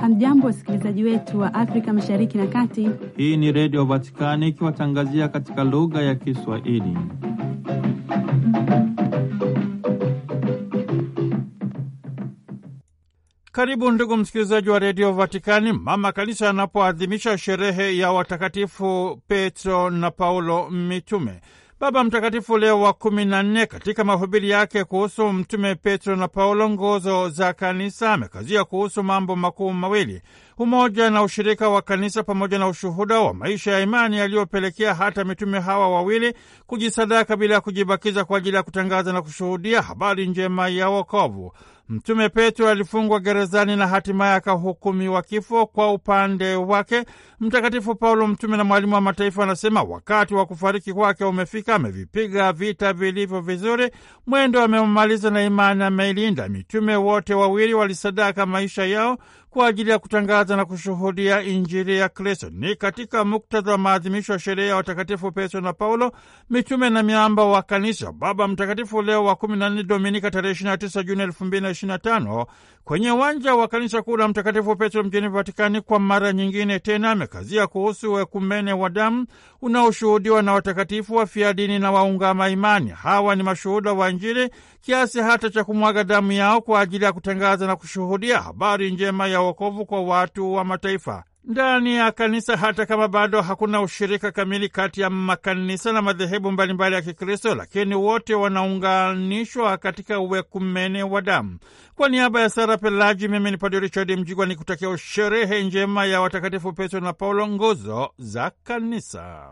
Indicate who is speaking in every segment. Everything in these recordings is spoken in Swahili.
Speaker 1: Hamjambo, wasikilizaji wetu wa Afrika mashariki na kati.
Speaker 2: Hii ni Redio Vatikani ikiwatangazia katika lugha ya Kiswahili. Karibu ndugu msikilizaji wa redio Vatikani. Mama Kanisa anapoadhimisha sherehe ya watakatifu Petro na Paulo mitume Baba Mtakatifu Leo wa kumi na nne katika mahubiri yake kuhusu Mtume Petro na Paulo, nguzo za kanisa, amekazia kuhusu mambo makuu mawili: umoja na ushirika wa kanisa, pamoja na ushuhuda wa maisha ya imani yaliyopelekea hata mitume hawa wawili kujisadaka bila ya kujibakiza kwa ajili ya kutangaza na kushuhudia habari njema ya wokovu. Mtume Petro alifungwa gerezani na hatimaye akahukumiwa kifo. Kwa upande wake, Mtakatifu Paulo mtume na mwalimu wa mataifa anasema wakati wa kufariki kwake umefika, amevipiga vita vilivyo vizuri, mwendo ameumaliza na imani ameilinda. Mitume wote wawili walisadaka maisha yao kwa ajili ya kutangaza na kushuhudia Injili ya Kristo. Ni katika muktadha wa maadhimisho ya sherehe ya watakatifu Petro na Paulo, mitume na miamba wa Kanisa, Baba Mtakatifu Leo wa 14 Dominika tarehe 29 Juni 2025 kwenye uwanja wa kanisa kuu la Mtakatifu Petro mjini Vatikani, kwa mara nyingine tena amekazia kuhusu wekumene wa damu unaoshuhudiwa na watakatifu wafiadini na waungama imani. Hawa ni mashuhuda wa Injili kiasi hata cha kumwaga damu yao kwa ajili ya kutangaza na kushuhudia habari njema ya ya wokovu kwa watu wa mataifa. Ndani ya kanisa, hata kama bado hakuna ushirika kamili kati ya makanisa na madhehebu mbalimbali ya Kikristo, lakini wote wanaunganishwa katika uwekumene wa damu. Kwa niaba ya Sara Pelaji, mimi ni Padre Richard Mjigwa ni kutakia usherehe njema ya watakatifu Petro na Paulo, nguzo za kanisa.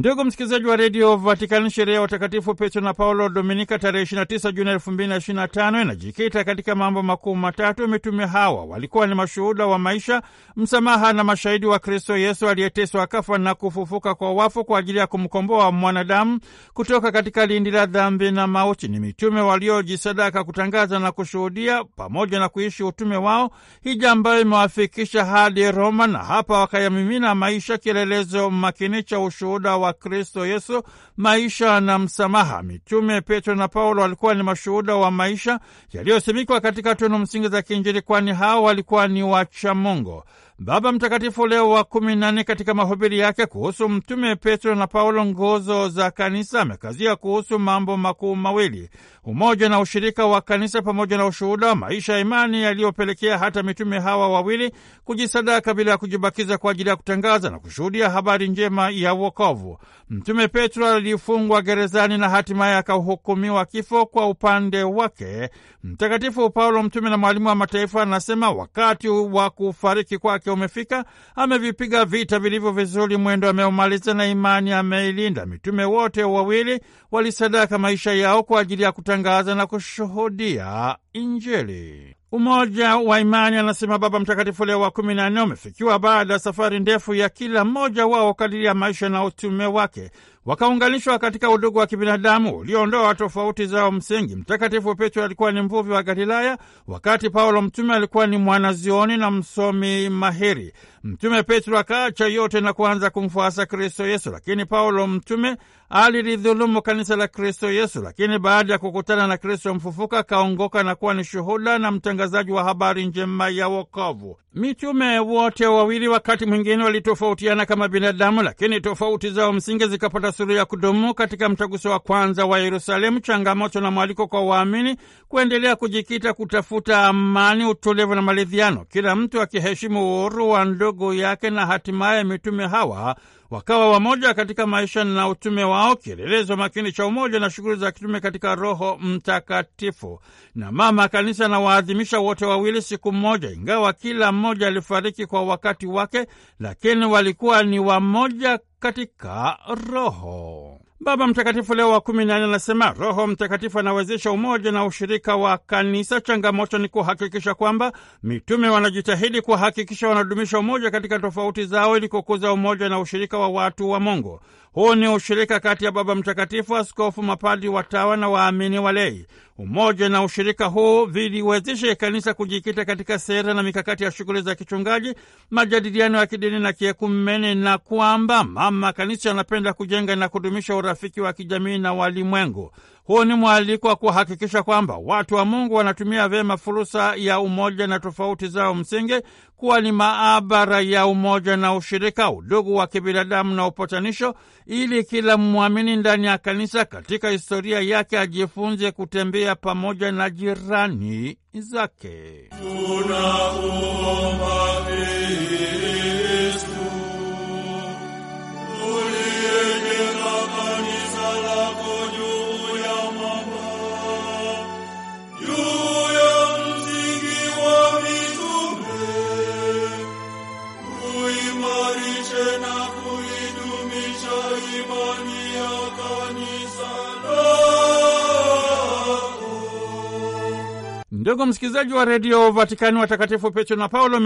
Speaker 2: Ndugu msikilizaji wa redio Vatikani, sherehe ya watakatifu Petro na Paulo Dominika tarehe 29 Juni 2025 inajikita katika mambo makuu matatu. Mitume hawa walikuwa ni mashuhuda wa maisha, msamaha na mashahidi wa Kristo Yesu aliyeteswa, akafa na kufufuka kwa wafu kwa ajili ya kumkomboa mwanadamu kutoka katika lindi la dhambi na mauti. Ni mitume waliojisadaka kutangaza na kushuhudia pamoja na kuishi utume wao, hija ambayo imewafikisha hadi Roma, na hapa wakayamimina maisha, kielelezo makini cha ushuhuda wa Kristo Yesu, maisha na msamaha. Mitume Petro na Paulo walikuwa ni mashuhuda wa maisha yaliyosimikwa katika tunu msingi za kiinjili, kwani hao walikuwa ni wachamungu. Baba Mtakatifu Leo wa kumi na nne katika mahubiri yake kuhusu Mtume Petro na Paulo, nguzo za kanisa, amekazia kuhusu mambo makuu mawili: umoja na ushirika wa kanisa, pamoja na ushuhuda wa maisha ya imani yaliyopelekea hata mitume hawa wawili kujisadaka bila ya kujibakiza kwa ajili ya kutangaza na kushuhudia habari njema ya wokovu. Mtume Petro alifungwa gerezani na hatimaye akahukumiwa kifo. Kwa upande wake, Mtakatifu Paulo, mtume na mwalimu wa mataifa, anasema wakati wa kufariki kwake wake umefika. Amevipiga vita vilivyo vizuri, mwendo ameumaliza, na imani ameilinda. Mitume wote wawili walisadaka maisha yao kwa ajili ya kutangaza na kushuhudia Injili. Umoja wa imani, anasema Baba Mtakatifu Leo wa kumi na nne, umefikiwa baada ya safari ndefu ya kila mmoja wao kadiri ya maisha na utume wake wakaunganishwa katika udugu wa kibinadamu ulioondoa tofauti zao msingi. Mtakatifu Petro alikuwa ni mvuvi wa Galilaya, wakati Paulo mtume alikuwa ni mwanazioni na msomi mahiri. Mtume Petro akaacha yote na kuanza kumfuasa Kristo Yesu, lakini Paulo mtume alilidhulumu kanisa la Kristo Yesu, lakini baada ya kukutana na Kristo mfufuka akaongoka na kuwa ni shuhuda na mtangazaji wa habari njema ya wokovu. Mitume wote wawili wakati mwingine walitofautiana kama binadamu, lakini tofauti zao msingi zikapata dasturi ya kudumu katika mtaguso wa kwanza wa Yerusalemu, changamoto na mwaliko kwa waamini kuendelea kujikita kutafuta amani, utulivu na maridhiano, kila mtu akiheshimu uhuru wa ndugu yake, na hatimaye mitume hawa wakawa wamoja katika maisha na utume wao, kielelezo makini cha umoja na shughuli za kitume katika Roho Mtakatifu. Na Mama Kanisa anawaadhimisha wote wawili siku moja, ingawa kila mmoja alifariki kwa wakati wake, lakini walikuwa ni wamoja katika Roho. Baba Mtakatifu Leo wa kumi na nne anasema Roho Mtakatifu anawezesha umoja na ushirika wa Kanisa. Changamoto ni kuhakikisha kwamba mitume wanajitahidi kuhakikisha wanadumisha umoja katika tofauti zao ili kukuza umoja na ushirika wa watu wa Mungu. Huu ni ushirika kati ya Baba Mtakatifu, askofu, mapadi, watawa na waamini walei. Umoja na ushirika huu viliwezeshe kanisa kujikita katika sera na mikakati ya shughuli za kichungaji, majadiliano ya kidini na kiekumene, na kwamba mama kanisa anapenda kujenga na kudumisha urafiki wa kijamii na walimwengu. Huu ni mwaliko wa kuhakikisha kwamba watu wa Mungu wanatumia vyema fursa ya umoja na tofauti zao msingi kuwa ni maabara ya umoja na ushirika, udugu wa kibinadamu na upatanisho, ili kila mwamini ndani ya kanisa katika historia yake ajifunze kutembea pamoja na jirani zake.
Speaker 3: Tunaomba.
Speaker 2: Ndugu msikilizaji wa redio Vatikani, watakatifu Petro na Paulo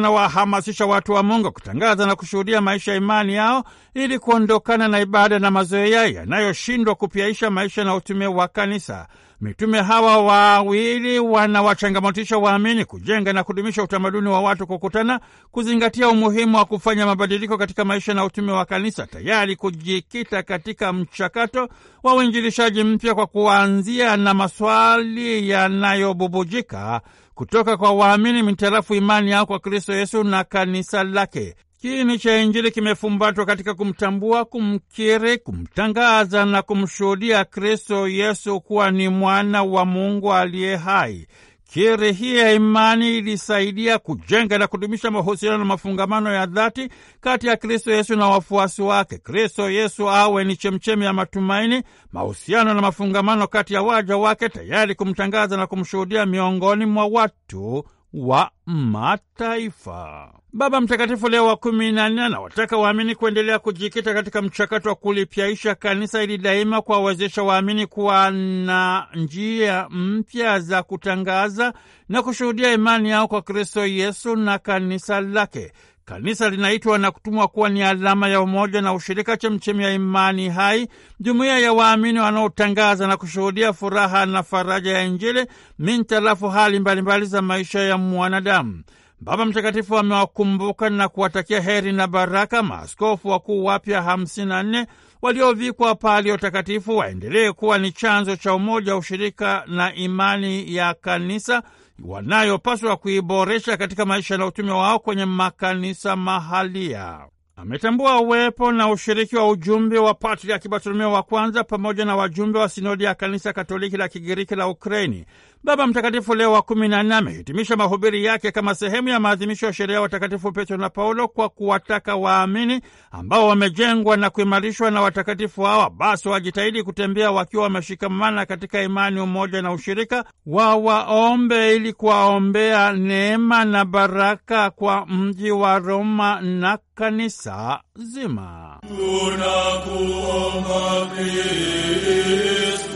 Speaker 2: na wahamasisha watu wa Mungu kutangaza na kushuhudia maisha ya imani yao ili kuondokana na ibada na mazoea yanayoshindwa kupyaisha maisha na utume wa kanisa. Mitume hawa wawili wanawachangamotisha waamini kujenga na kudumisha utamaduni wa watu kukutana, kuzingatia umuhimu wa kufanya mabadiliko katika maisha na utume wa kanisa, tayari kujikita katika mchakato wa uinjilishaji mpya kwa kuanzia na maswali yanayobubujika kutoka kwa waamini mitarafu imani yao kwa Kristo Yesu na kanisa lake kiini cha Injili kimefumbatwa katika kumtambua, kumkiri, kumtangaza na kumshuhudia Kristo Yesu kuwa ni mwana wa Mungu aliye hai. Kiri hii ya imani ilisaidia kujenga na kudumisha mahusiano na mafungamano ya dhati kati ya Kristo Yesu na wafuasi wake. Kristo Yesu awe ni chemchemi ya matumaini, mahusiano na mafungamano kati ya waja wake, tayari kumtangaza na kumshuhudia miongoni mwa watu wa mataifa. Baba Mtakatifu Leo wa kumi na nne anawataka waamini kuendelea kujikita katika mchakato wa kulipyaisha kanisa ili daima kuwawezesha waamini kuwa na njia mpya za kutangaza na kushuhudia imani yao kwa Kristo Yesu na kanisa lake. Kanisa linaitwa na kutumwa kuwa ni alama ya umoja na ushirika, chemchemi ya imani hai, jumuiya ya waamini wanaotangaza na kushuhudia furaha na faraja ya Injili mintarafu hali mbalimbali za maisha ya mwanadamu. Baba Mtakatifu amewakumbuka na kuwatakia heri na baraka maaskofu wakuu wapya 54 waliovikwa pali ya utakatifu waendelee kuwa ni chanzo cha umoja, ushirika na imani ya Kanisa wanayopaswa kuiboresha katika maisha na utume wao kwenye makanisa mahalia. Ametambua uwepo na ushiriki wa ujumbe wa Patriaki Bartolomeo wa kwanza pamoja na wajumbe wa sinodi ya kanisa Katoliki la Kigiriki la Ukraini Baba Mtakatifu Leo wa kumi na nne amehitimisha mahubiri yake kama sehemu ya maadhimisho ya sherehe ya watakatifu Petro na Paulo kwa kuwataka waamini ambao wamejengwa na kuimarishwa na watakatifu hawa, basi wajitahidi kutembea wakiwa wameshikamana katika imani, umoja na ushirika, wawaombe ili kuwaombea neema na baraka kwa mji wa Roma na kanisa zima.
Speaker 3: Tunakuomba Kristo.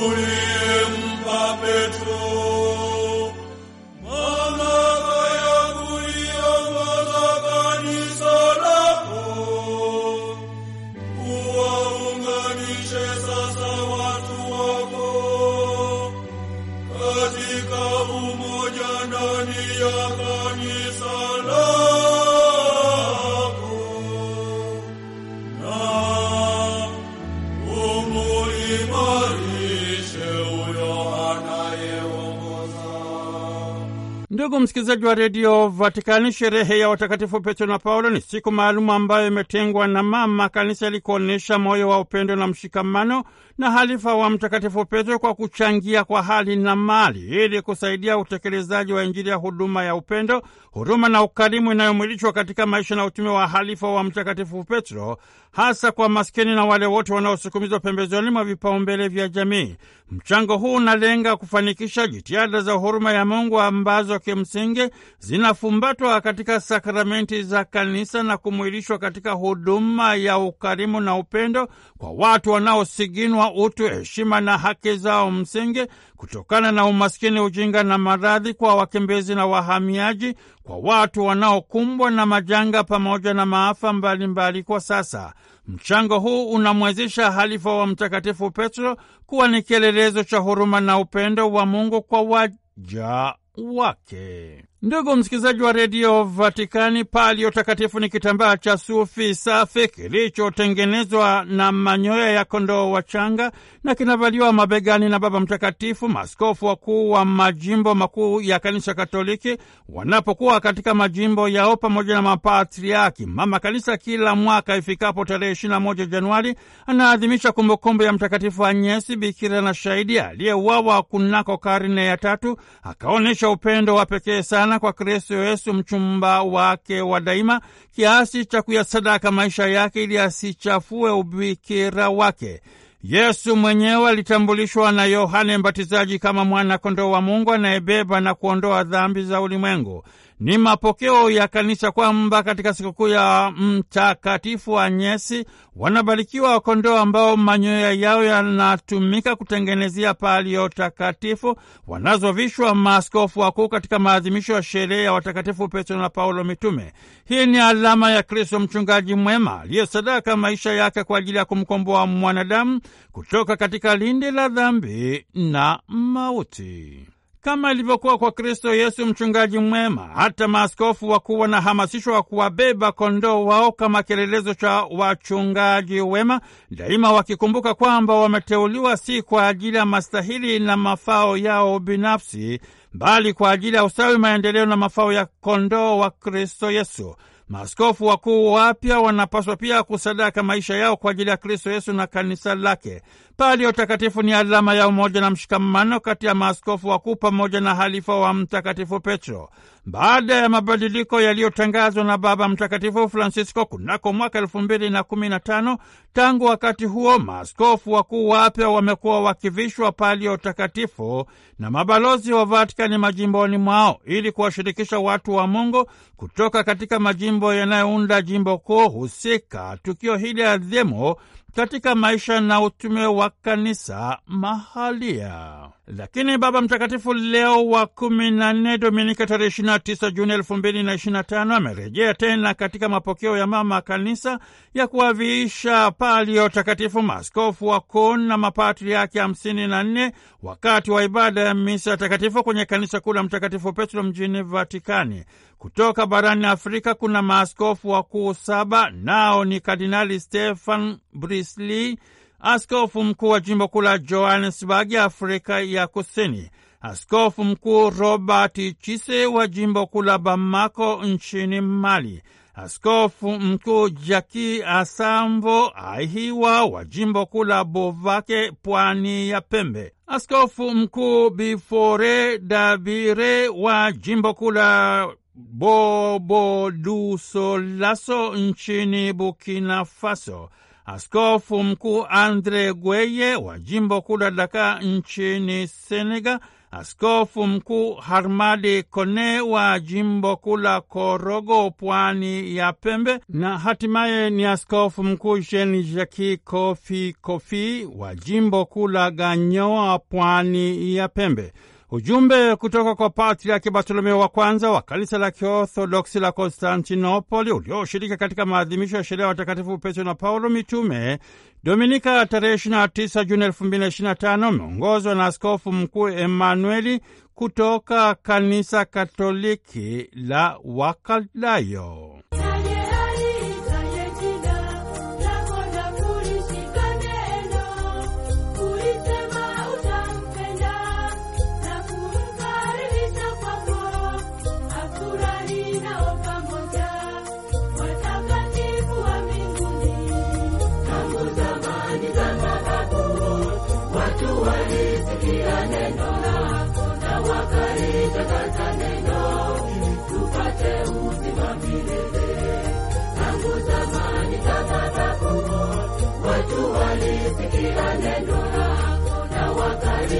Speaker 3: Olimpa Petrus.
Speaker 2: Ndugu msikilizaji wa redio Vatikani, sherehe ya watakatifu Petro na Paulo ni siku maalumu ambayo imetengwa na mama kanisa ili kuonyesha moyo wa upendo na mshikamano na halifa wa Mtakatifu Petro kwa kuchangia kwa hali na mali ili kusaidia utekelezaji wa Injili ya huduma ya upendo, huruma na ukarimu inayomwilishwa katika maisha na utume wa halifa wa Mtakatifu Petro, hasa kwa maskini na wale wote wanaosukumizwa pembezoni mwa vipaumbele vya jamii. Mchango huu unalenga kufanikisha jitihada za huruma ya Mungu ambazo kimsingi zinafumbatwa katika sakramenti za kanisa na kumwilishwa katika huduma ya ukarimu na upendo kwa watu wanaosiginwa utu, heshima na haki zao msingi, kutokana na umaskini, ujinga na maradhi, kwa wakimbizi na wahamiaji, kwa watu wanaokumbwa na majanga pamoja na maafa mbalimbali mbali kwa sasa. Mchango huu unamwezesha halifa wa Mtakatifu Petro kuwa ni kielelezo cha huruma na upendo wa Mungu kwa waja wake. Ndugu msikilizaji wa redio Vatikani, palio takatifu ni kitambaa cha sufi safi kilichotengenezwa na manyoya ya kondoo wachanga na kinavaliwa mabegani na Baba Mtakatifu. maskofu wakuu wa majimbo makuu ya Kanisa Katoliki wanapokuwa katika majimbo yao pamoja na mapatriaki. Mama Kanisa kila mwaka ifikapo tarehe 21 Januari anaadhimisha kumbukumbu ya Mtakatifu Anyesi, bikira na shahidi aliyeuawa kunako karne ya tatu, akaonyesha upendo wa pekee sana sana kwa Kristo Yesu mchumba wake wa daima, kiasi cha kuyasadaka maisha yake ili asichafue ubikira wake. Yesu mwenyewe alitambulishwa na Yohane Mbatizaji kama mwana kondoo wa Mungu anayebeba na kuondoa dhambi za ulimwengu. Ni mapokeo ya Kanisa kwamba katika sikukuu ya Mtakatifu Anyesi wanabarikiwa wakondoo ambao manyoya yao yanatumika kutengenezea palio takatifu, wanazovishwa maaskofu wakuu katika maadhimisho ya sherehe ya watakatifu Petro na Paulo mitume. Hii ni alama ya Kristo mchungaji mwema aliyesadaka maisha yake kwa ajili ya kumkomboa mwanadamu kutoka katika lindi la dhambi na mauti kama ilivyokuwa kwa Kristo Yesu mchungaji mwema. Hata maaskofu wakuu wanahamasishwa wa kuwabeba kondoo wao kama kielelezo cha wachungaji wema, daima wakikumbuka kwamba wameteuliwa si kwa ajili ya mastahili na mafao yao binafsi, bali kwa ajili ya ustawi, maendeleo na mafao ya kondoo wa Kristo Yesu. Maaskofu wakuu wapya wanapaswa pia kusadaka maisha yao kwa ajili ya Kristo Yesu na kanisa lake. Pali ya utakatifu ni alama ya umoja na mshikamano kati ya maaskofu wakuu pamoja na halifa wa Mtakatifu Petro. Baada ya mabadiliko yaliyotangazwa na Baba Mtakatifu Francisco kunako mwaka elfu mbili na kumi na tano, tangu wakati huo maaskofu wakuu wapya wamekuwa wakivishwa pali ya utakatifu na mabalozi wa Vatikani majimboni mwao ili kuwashirikisha watu wa Mungu kutoka katika majimbo yanayounda jimbo kuu husika. Tukio hili adhimu katika maisha na utume wa kanisa mahalia. Lakini Baba Mtakatifu Leo wa kumi na nne, Dominika tarehe 29 Juni 2025 amerejea tena katika mapokeo ya mama kanisa ya kuwaviisha palio takatifu maaskofu wakuu na mapatri yake 54 wakati wa ibada ya misa takatifu kwenye kanisa kuu la Mtakatifu Petro mjini Vatikani. Kutoka barani Afrika kuna maaskofu wakuu saba, nao ni Kardinali Stefan Brisley askofu mkuu wa jimbo kuu la Johannesburg, Afrika ya Kusini, askofu mkuu Robert Chise wa jimbo kuu la Bamako nchini Mali, askofu mkuu Jaki Asambo Aihiwa wa jimbo kuu la Bovake, pwani ya Pembe, askofu mkuu Bifore Dabire wa jimbo kuu la Bobo Dusolaso nchini Burkina Faso, Askofu Mkuu Andre Gweye wa jimbo kuu la Dakar nchini Senegal, Askofu Mkuu Harmadi Kone wa jimbo kuu la Korogo, pwani ya Pembe, na hatimaye ni Askofu Mkuu Jean jaki Kofi Kofi wa jimbo kuu la Ganyoa, pwani ya Pembe. Ujumbe kutoka kwa Patriaki Bartolomeo wa kwanza wa kanisa la Kiorthodoksi la Konstantinopoli ulioshiriki katika maadhimisho ya sherehe ya watakatifu Petro na Paulo mitume Dominika tarehe 29 Juni 2025 umeongozwa na askofu mkuu Emanueli kutoka kanisa Katoliki la Wakaldayo.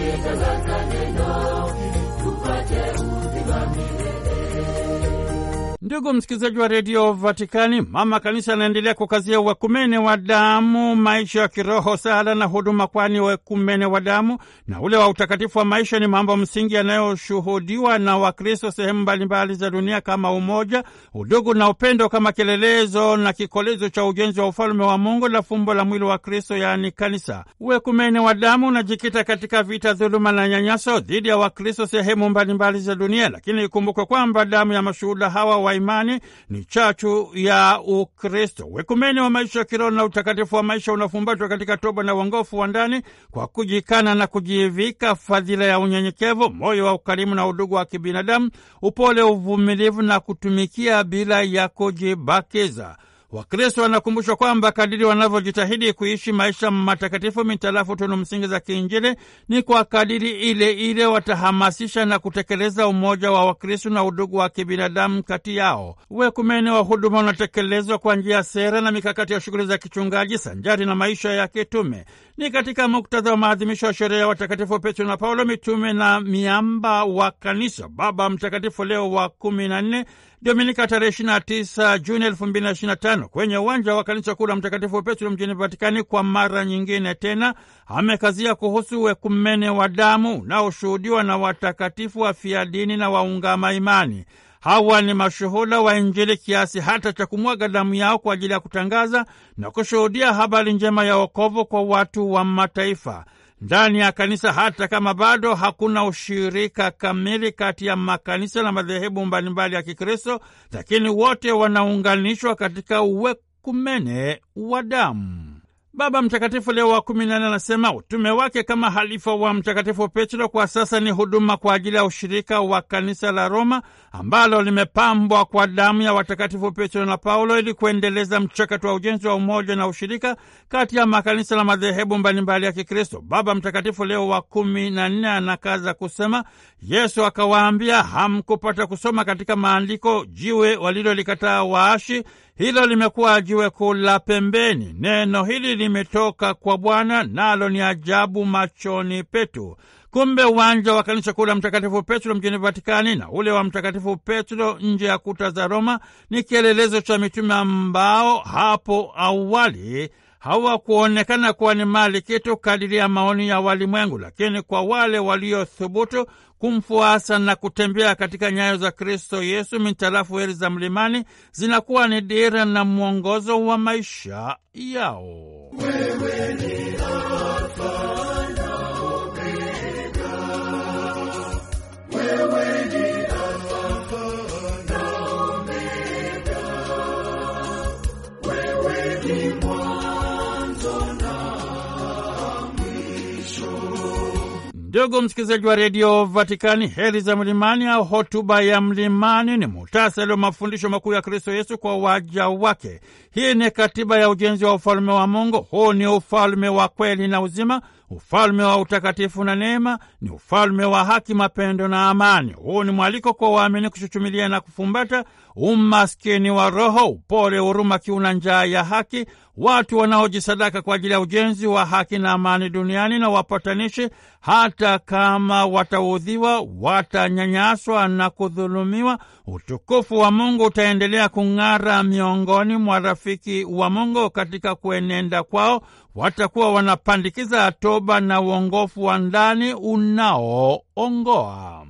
Speaker 3: Jesus,
Speaker 2: Ndugu msikilizaji wa redio Vatikani, mama kanisa anaendelea kukazia wekumene wa damu, maisha ya kiroho, sala na huduma, kwani wekumene wa damu na ule wa utakatifu wa maisha ni mambo msingi yanayoshuhudiwa na Wakristo sehemu mbalimbali za dunia kama umoja, udugu na upendo, kama kielelezo na kikolezo cha ujenzi wa ufalme wa Mungu na fumbo la mwili wa Kristo, yaani kanisa. wekumene wa damu unajikita katika vita, dhuluma na nyanyaso dhidi ya Wakristo sehemu mbalimbali za dunia, lakini ikumbukwe kwamba damu ya mashuhuda hawa wa imani ni chachu ya Ukristo. Wekumeni wa maisha ya kiroho na utakatifu wa maisha unafumbatwa katika toba na uongofu wa ndani kwa kujikana na kujivika fadhila ya unyenyekevu, moyo wa ukarimu na udugu wa kibinadamu, upole, uvumilivu na kutumikia bila ya kujibakiza. Wakristo wanakumbushwa kwamba kadiri wanavyojitahidi kuishi maisha matakatifu mitalafu tunu msingi za kiinjili, ni kwa kadiri ile ile watahamasisha na kutekeleza umoja wa Wakristo na udugu wa kibinadamu kati yao. Wekumene wa huduma unatekelezwa kwa njia ya sera na mikakati ya shughuli za kichungaji sanjari na maisha ya kitume. Ni katika muktadha wa maadhimisho ya sherehe ya watakatifu Petro na Paulo, mitume na miamba wa kanisa, Baba Mtakatifu Leo wa kumi na nne Dominika tarehe 29 Juni 2025 kwenye uwanja wa kanisa kuu la Mtakatifu Petro mjini Vatikani. Kwa mara nyingine tena amekazia kuhusu wekumene wa damu unaoshuhudiwa na watakatifu wafia dini na waungama imani. Hawa ni mashuhuda wa Injili kiasi hata cha kumwaga damu yao kwa ajili ya kutangaza na kushuhudia habari njema ya wokovu kwa watu wa mataifa ndani ya kanisa, hata kama bado hakuna ushirika kamili kati ya makanisa na madhehebu mbalimbali ya Kikristo, lakini wote wanaunganishwa katika uwekumene wa damu. Baba Mtakatifu Leo wa kumi anasema utume wake kama halifa wa Mtakatifu Petro kwa sasa ni huduma kwa ajili ya ushirika wa kanisa la Roma ambalo limepambwa kwa damu ya watakatifu Petro na Paulo ili kuendeleza mchakato wa ujenzi wa umoja na ushirika kati ya makanisa na madhehebu mbalimbali ya Kikristo. Baba Mtakatifu Leo wa kumi na nne anakaza kusema, Yesu akawaambia hamkupata kusoma katika maandiko jiwe walilolikataa waashi hilo limekuwa jiwe kuu la pembeni. Neno hili limetoka kwa Bwana, nalo ni ajabu machoni petu. Kumbe uwanja wa kanisa kuu la Mtakatifu Petro mjini Vatikani na ule wa Mtakatifu Petro nje ya kuta za Roma ni kielelezo cha mitume ambao hapo awali hawakuonekana kuwa ni mali kitu kadiri ya maoni ya walimwengu, lakini kwa wale waliothubutu kumfuasa na kutembea katika nyayo za Kristo Yesu, mitarafu heri za mlimani zinakuwa ni dira na mwongozo wa maisha yao.
Speaker 3: Wewe ni Alfa
Speaker 2: Ndugu msikilizaji wa redio Vatikani, heri za mlimani au hotuba ya mlimani ni muhtasari wa mafundisho makuu ya Kristo Yesu kwa waja wake. Hii ni katiba ya ujenzi wa ufalme wa Mungu. Huu ni ufalme wa kweli na uzima Ufalme wa utakatifu na neema ni ufalme wa haki, mapendo na amani. Huu ni mwaliko kwa waamini kuchuchumilia na kufumbata umaskini wa roho, upole, huruma, kiu na njaa ya haki, watu wanaojisadaka kwa ajili ya ujenzi wa haki na amani duniani na wapatanishi, hata kama wataudhiwa, watanyanyaswa na kudhulumiwa. Utukufu wa Mungu utaendelea kung'ara miongoni mwa rafiki wa Mungu katika kuenenda kwao watakuwa wanapandikiza toba na uongofu wa ndani unaoongoa.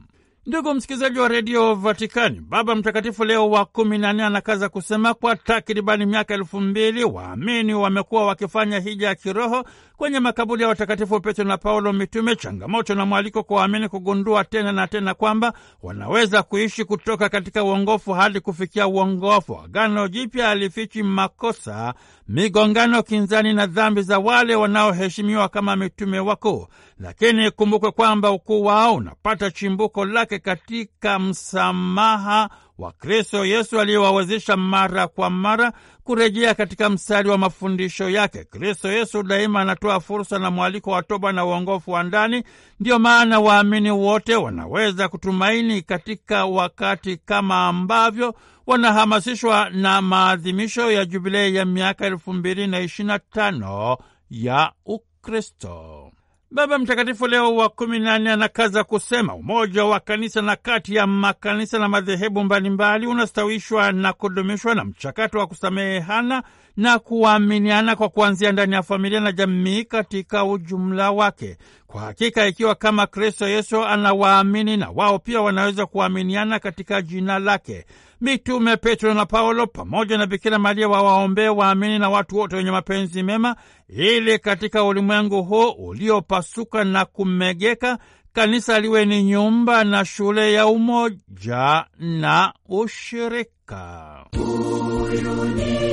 Speaker 2: Ndugu msikilizaji wa redio Vatikani, Baba Mtakatifu Leo wa kumi na nne anakaza kusema kwa takribani miaka elfu mbili waamini wamekuwa wakifanya hija ya kiroho kwenye makaburi ya watakatifu Petro na Paulo mitume, changamoto na mwaliko kwa waamini kugundua tena na tena kwamba wanaweza kuishi kutoka katika uongofu hadi kufikia uongofu. Agano Jipya alifichi makosa, migongano, kinzani na dhambi za wale wanaoheshimiwa kama mitume wakuu, lakini kumbukwe kwamba ukuu wao unapata chimbuko lake katika msamaha wa Kristo Yesu aliyewawezesha mara kwa mara kurejea katika mstari wa mafundisho yake. Kristo Yesu daima anatoa fursa na mwaliko wa toba na uongofu wa ndani. Ndiyo maana waamini wote wanaweza kutumaini katika wakati kama ambavyo wanahamasishwa na maadhimisho ya jubilei ya miaka elfu mbili na ishirini na tano ya Ukristo. Baba Mtakatifu Leo wa kumi na nne anakaza kusema umoja wa kanisa na kati ya makanisa na madhehebu mbalimbali unastawishwa na kudumishwa na mchakato wa kusamehana na kuaminiana kwa kuanzia ndani ya familia na jamii katika ujumla wake. Kwa hakika, ikiwa kama Kristo Yesu anawaamini na wao pia wanaweza kuaminiana katika jina lake. Mitume Petro na Paulo pamoja na Bikira Maria wawaombee waamini na watu wote wenye mapenzi mema, ili katika ulimwengu huu uliopasuka na kumegeka kanisa liwe ni nyumba na shule ya umoja na ushirika. Uyuni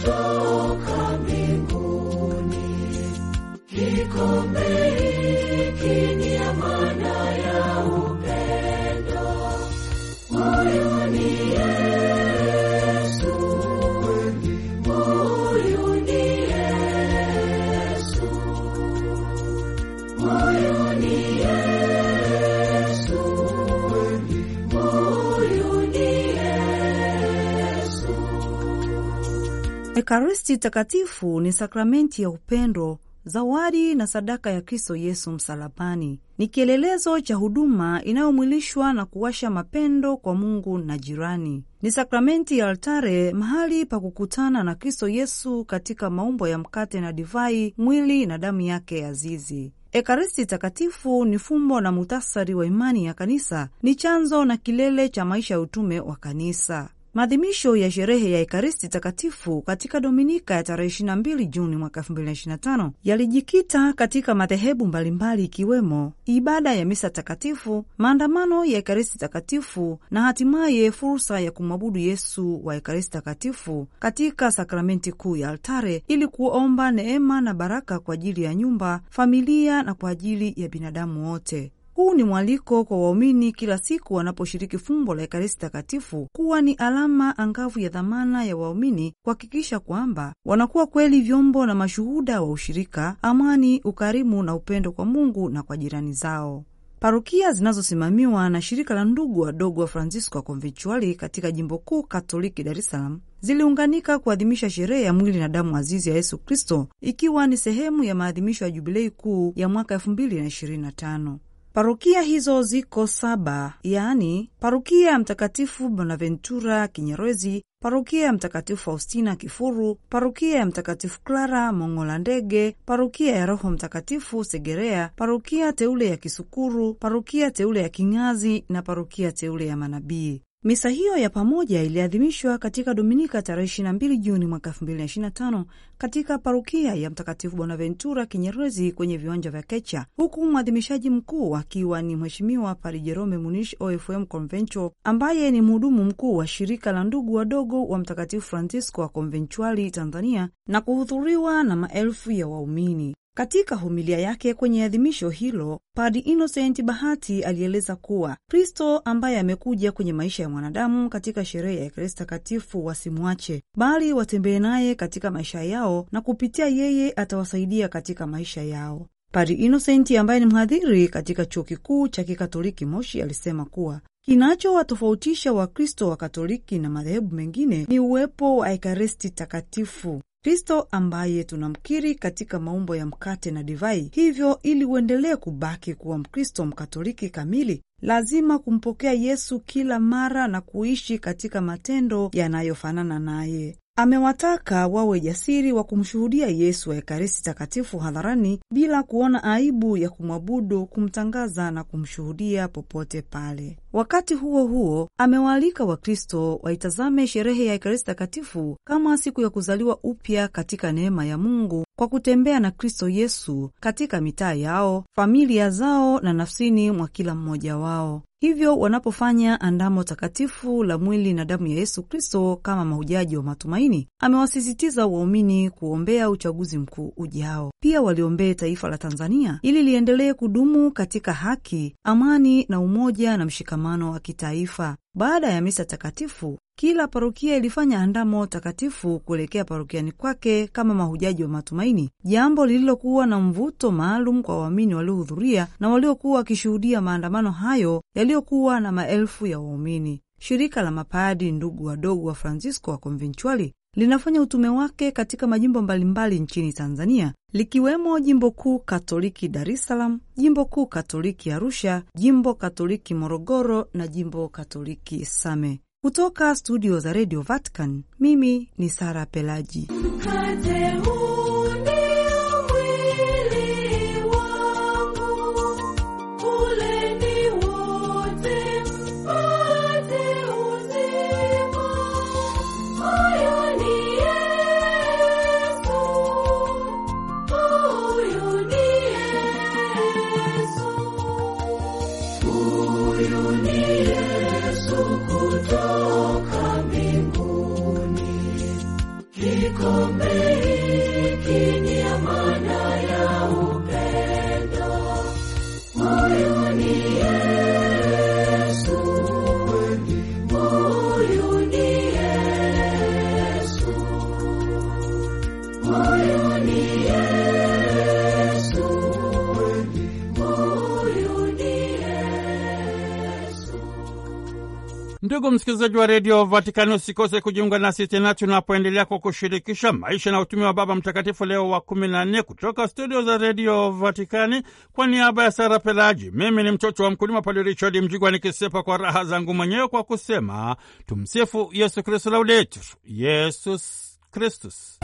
Speaker 2: kutoka mbinguni kikombe
Speaker 1: Ekaristi Takatifu ni sakramenti ya upendo, zawadi na sadaka ya Kristo Yesu msalabani. Ni kielelezo cha huduma inayomwilishwa na kuwasha mapendo kwa Mungu na jirani. Ni sakramenti ya altare, mahali pa kukutana na Kristo Yesu katika maumbo ya mkate na divai, mwili na damu yake azizi. Ekaristi Takatifu ni fumbo na mutasari wa imani ya Kanisa, ni chanzo na kilele cha maisha ya utume wa Kanisa. Maadhimisho ya sherehe ya Ekaristi Takatifu katika Dominika ya tarehe 22 Juni mwaka 2025 yalijikita katika madhehebu mbalimbali ikiwemo ibada ya misa takatifu, maandamano ya Ekaristi Takatifu na hatimaye fursa ya kumwabudu Yesu wa Ekaristi Takatifu katika sakramenti kuu ya altare ili kuomba neema na baraka kwa ajili ya nyumba, familia na kwa ajili ya binadamu wote. Huu ni mwaliko kwa waumini kila siku wanaposhiriki fumbo la Ekaristi Takatifu kuwa ni alama angavu ya dhamana ya waumini kuhakikisha kwamba wanakuwa kweli vyombo na mashuhuda wa ushirika, amani, ukarimu na upendo kwa Mungu na kwa jirani zao. Parokia zinazosimamiwa na shirika la ndugu wadogo wa Francisco wa Konventuali katika jimbo kuu Katoliki Dar es Salaam ziliunganika kuadhimisha sherehe ya mwili na damu azizi ya Yesu Kristo, ikiwa ni sehemu ya maadhimisho ya jubilei kuu ya mwaka elfu mbili na ishirini na tano. Parokia hizo ziko saba, yaani parokia ya Mtakatifu Bonaventura Kinyerezi, parokia ya Mtakatifu Faustina Kifuru, parokia ya Mtakatifu Clara Mongola Ndege, parokia ya Roho Mtakatifu Segerea, parokia teule ya Kisukuru, parokia teule ya Kingazi na parokia teule ya Manabii. Misa hiyo ya pamoja iliadhimishwa katika Dominika tarehe 22 Juni mwaka 2025 katika parukia ya Mtakatifu Bonaventura Kinyerezi kwenye viwanja vya Kecha, huku mwadhimishaji mkuu akiwa ni Mheshimiwa Padre Jerome Munish OFM Conventual, ambaye ni mhudumu mkuu wa shirika la ndugu wadogo wa Mtakatifu Francisco wa Konventuali Tanzania, na kuhudhuriwa na maelfu ya waumini. Katika homilia yake kwenye adhimisho hilo, Padi Innocent Bahati alieleza kuwa Kristo ambaye amekuja kwenye maisha ya mwanadamu katika sherehe ya Ekaristi Takatifu wasimwache, bali watembee naye katika maisha yao na kupitia yeye atawasaidia katika maisha yao. Padi Innocent ambaye ni mhadhiri katika Chuo Kikuu cha Kikatoliki Moshi alisema kuwa kinachowatofautisha Wakristo wa Katoliki na madhehebu mengine ni uwepo wa Ekaristi Takatifu. Kristo ambaye tunamkiri katika maumbo ya mkate na divai. Hivyo, ili uendelee kubaki kuwa Mkristo Mkatoliki kamili, lazima kumpokea Yesu kila mara na kuishi katika matendo yanayofanana naye. Amewataka wawe jasiri wa kumshuhudia Yesu wa Ekaristi Takatifu hadharani bila kuona aibu ya kumwabudu, kumtangaza na kumshuhudia popote pale. Wakati huo huo, amewaalika Wakristo waitazame sherehe ya Ekaristi Takatifu kama siku ya kuzaliwa upya katika neema ya Mungu kwa kutembea na Kristo Yesu katika mitaa yao, familia zao na nafsini mwa kila mmoja wao. Hivyo wanapofanya andamo takatifu la mwili na damu ya Yesu Kristo kama mahujaji wa matumaini, amewasisitiza waumini kuombea uchaguzi mkuu ujao. Pia waliombee taifa la Tanzania ili liendelee kudumu katika haki, amani na umoja na mshikamano mshikamano wa kitaifa. Baada ya misa takatifu, kila parokia ilifanya andamo takatifu kuelekea parokiani kwake kama mahujaji wa matumaini, jambo lililokuwa na mvuto maalum kwa waamini waliohudhuria na waliokuwa wakishuhudia maandamano hayo yaliyokuwa na maelfu ya waumini. Shirika la mapadi ndugu wadogo wa Francisco wa Konventuali linafanya utume wake katika majimbo mbalimbali nchini Tanzania, likiwemo jimbo kuu Katoliki Dar es Salaam, jimbo kuu Katoliki Arusha, jimbo Katoliki Morogoro na jimbo Katoliki Same. Kutoka studio za redio Vatican, mimi ni Sara Pelaji
Speaker 3: Mkate.
Speaker 2: Ndugu msikilizaji wa redio Vatikani, usikose kujiunga nasi tena tunapoendelea kwa kushirikisha maisha na utumi wa Baba Mtakatifu Leo wa kumi na nne kutoka studio za redio Vatikani. Kwa niaba ya Sara Pelaji, mimi ni mtoto wa mkulima Padre Richard Mjigwa nikisepa kwa raha zangu mwenyewe kwa kusema tumsifu Yesu Kristu, laudetur Yesus Kristus.